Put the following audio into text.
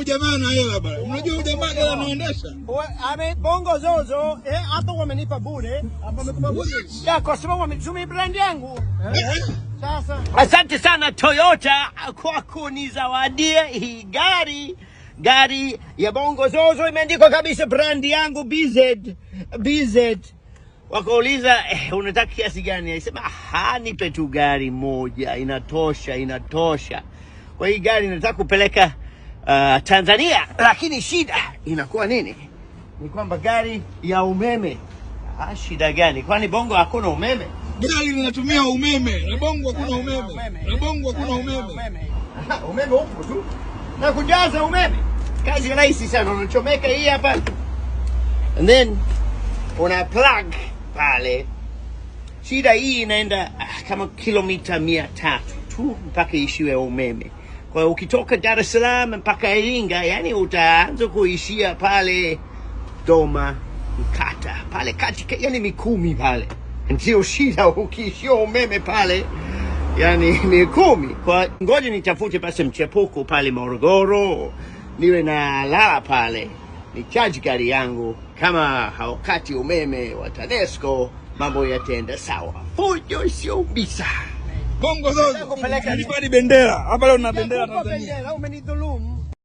ujamaa na hela bwana. Unajua ujamaa hela anaendesha. Ame bongo zozo, eh, hata wamenipa bure. ambao wamekupa bure. Ya kwa sababu wametumia brand yangu. Eh? Eh? Sasa. Asante sana Toyota kwa kunizawadia hii gari. Gari ya bongo zozo imeandikwa kabisa brand yangu BZ BZ. Wakauliza eh, unataka kiasi gani? Alisema ha, nipe tu gari moja inatosha, inatosha. Kwa hii gari nataka kupeleka uh, Tanzania, lakini shida inakuwa nini? Ni kwamba gari ya umeme. Ah, shida gani? Kwani Bongo hakuna umeme? Gari linatumia umeme na Bongo hakuna umeme, na Bongo hakuna umeme. Umeme upo tu na kujaza umeme, kazi rahisi sana. Unachomeka hii hapa and then una plug pale. Shida hii inaenda ah, kama kilomita mia tatu tu mpaka ishiwe umeme. Kwa hiyo ukitoka Dar es Salaam mpaka Iringa, yani utaanza kuishia pale Doma Mkata pale kati, yani Mikumi pale ndio shida. Ukiishia umeme pale yani Mikumi. Kwa ngoja nitafute basi mchepuko pale Morogoro, niwe na lala pale charge gari yangu, kama haukati umeme wa TANESCO mambo yataenda sawa. Fujo sio ubisa. Bongo zozo. Ilipadi bendera. Hapa leo na bendera Tanzania. Umenidhulumu.